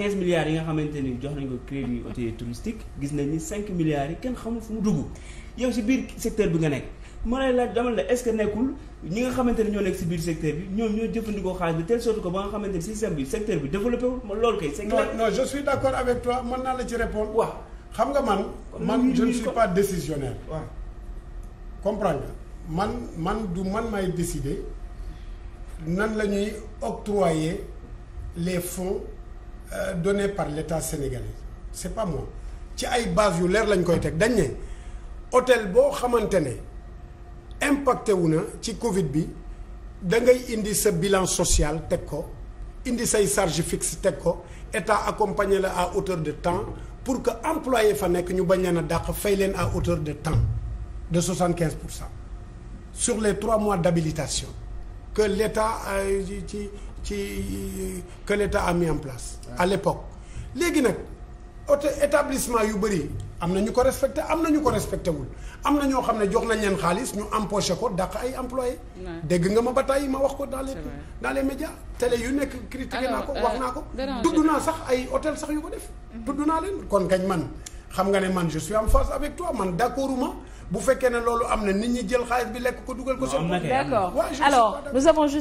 quinze milliards yi nga xamante ni jox nañ ko crédit hôtelier touristique gis nañ ni cinq milliards yi kenn xamul fu mu dugg yow si biir secteur bi nga nekk ma lay laaj dama la est-ce que nekkul ñi nga xamante ne ñoo nekk si biir secteur bi ñoom ñoo jëfandikoo xaalis bi telle sorte que ba nga xamante ni système bi secteur bi développé wul ma loolu kay. c'est clair non non je suis d'accord avec toi naa la ci répondre. waaw xam nga man. man je ne suis pas décisionnaire. waaw comprendre nga man man du man may décider nan la ñuy octroyer les fonds. Euh, donné par l'État sénégalais c'est pas moi ci ay base yu leer lañ koy teg dañ ne hôtel boo xamante ne impacté wu na ci Covid bi da ngay indi sa bilan social teg ko indi say charge fixe teg ko état accompagné la à hauteur de temps pour que employé fa nekk ñu bañ leen dàq fay leen à hauteur de temps de quinze pour cent sur les trois mois d'habilitation que l'État euh, ci. ci que l'État a mis en place à l'époque léegi nag auto établissement yu bëri am na ñu ko respecté am na ñu ko respecté wul am na ñoo xam ne jox nañ leen xaalis ñu empoché ko dàq ay employé dégg nga ma ba tàyyi ma wax ko dans les dans les médias télé yu nekk critiqué naa ko wax euh, naa ko tudd naa sax ay hôtel sax yu ko def mhm. tudd naa leen kon kañ man xam nga ne man je suis en phase avec toi man d'accorduma bu fekkee ne loolu am na nit ñi jël xaalis bi lekk ko dugal ko seen d'accord